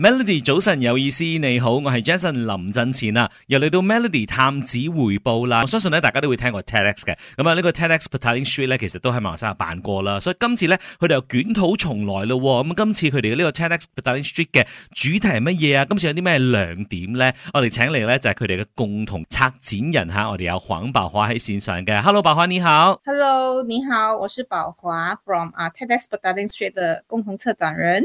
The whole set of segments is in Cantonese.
Melody 早晨有意思，你好，我係 Jason 林振前啦，又嚟到 Melody 探子回報啦。我相信咧，大家都會聽過 TEDx 嘅，咁啊呢個 TEDx Petaling Street 咧，其實都喺馬上山辦過啦，所以今次咧，佢哋又捲土重來咯、哦。咁、嗯、今次佢哋嘅呢個 TEDx Petaling Street 嘅主題係乜嘢啊？今次有啲咩亮點咧？我哋請嚟咧就係佢哋嘅共同策展人吓，我哋有黃寶華喺綫上嘅。Hello，寶華你好。Hello，你好，我是寶華，from 啊、uh, TEDx Petaling Street 嘅共同策展人。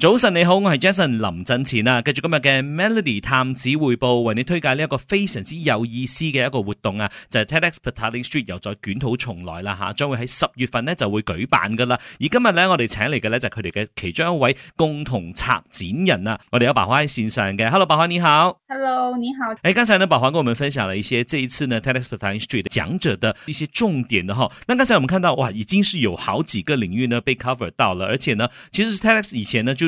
早晨你好，我係 Jason 林振前啊，繼續今日嘅 Melody 探子回報，為你推介呢一個非常之有意思嘅一個活動啊，就係、是、TEDx Petaling Street 又再捲土重來啦、啊、吓，將會喺十月份呢就會舉辦噶啦。而今日呢我哋請嚟嘅呢就係佢哋嘅其中一位共同策展人啊，我哋有白華喺線上嘅，Hello 白華你好，Hello 你好，誒剛才呢白華跟我們分享了一些這一次呢 TEDx Petaling Street 講者的一些重點的哈，那剛才我們看到哇已經是有好幾個領域呢被 cover 到了，而且呢其實 TEDx 以前呢就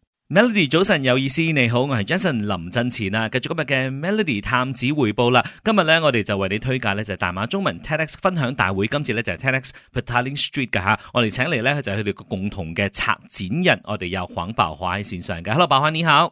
Melody 早晨有意思，你好，我係 Jason 林振前啦，繼續今日嘅 Melody 探子回報啦。今日咧，我哋就為你推介咧就大馬中文 TEDx 分享大會，今次咧就係 TEDx Petaling Street 嘅吓，我哋請嚟咧就係佢哋共同嘅策展人，我哋有黃寶海喺線上嘅，Hello，寶海你好。